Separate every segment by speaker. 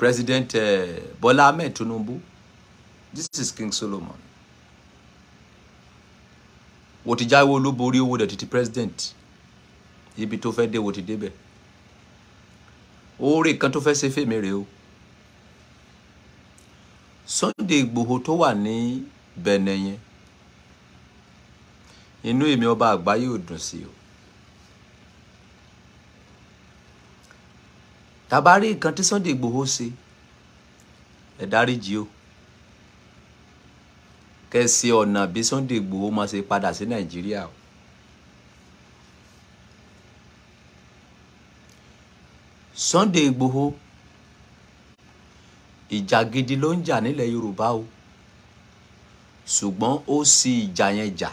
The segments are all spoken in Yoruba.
Speaker 1: President uh, Bola Ahmed Tinubu. This is King Solomon. Wọ́n ti jáwé ló borí owó dẹ̀ the president ibi tó fẹ́ dé wọ́n ti débẹ̀. Oore kan tó fẹ́ ṣe fèmí rèé o. Sunday Igboho tó wà ní Benin yẹn. Inú èmi ọba àgbáyé ò don't see you. tàbá rí nǹkan tí Sunday Igboho ṣe ẹ dáríjì o kẹ́ ṣe ọ̀nà bí Sunday Igboho máa ṣe padà sí Nàìjíríà o. Sunday Igboho ìjà gidi ló ń jà nílẹ̀ Yorùbá o ṣùgbọ́n ó sì ìjà yẹn jà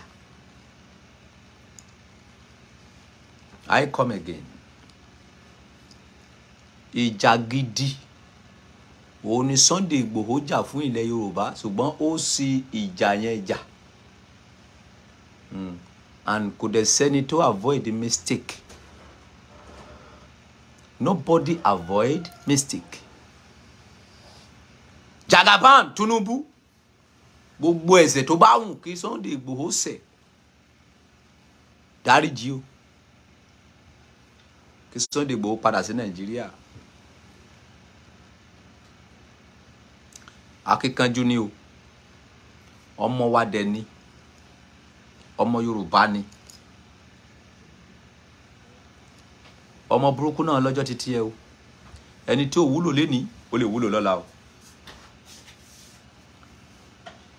Speaker 1: I come again ìjà gidi òun ni Sunday Igbòho jà fún ilẹ̀ Yorùbá ṣùgbọ́n ó sì ìjà yẹn jà hmm. and kò dẹ̀ sẹ́ni tó avoid mistake nobody avoid mistake Jagaban Tinubu gbogbo ẹ̀ṣẹ̀ tó bá wù kí Sunday Igbòho ṣẹ̀ dáríjì o kí Sunday Igbòho padà sí Nàìjíríà. akíkanjú ni o ọmọ wa dẹ ni ọmọ Yorùbá ni ọmọ burúkú náà lọ́jọ́ títí ẹ o ẹni tí ò wúlò lénìí ó lè wúlò lọ́la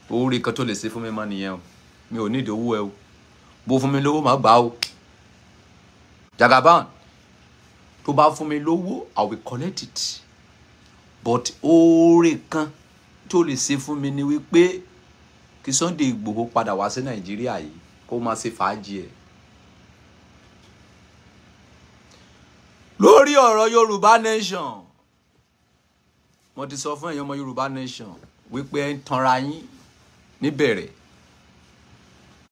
Speaker 1: o orí kan tó lè ṣe fún mi mọ́ nìyẹn o mi ò ní ìdí owó ẹ o bó fún mi lówó má gbà o Jagaban tó bá fún mi lówó I will collect it but oore kan tó lè ṣe fún mi ni wípé kí Sunday Igboho padà wá sí Nàìjíríà yìí kó máa ṣe fàájì ẹ̀. lórí ọ̀rọ̀ Yorùbá Nation mo ti sọ fún ẹ̀yin ọmọ Yorùbá Nation wípé ẹ ń tanra yín níbẹ̀rẹ̀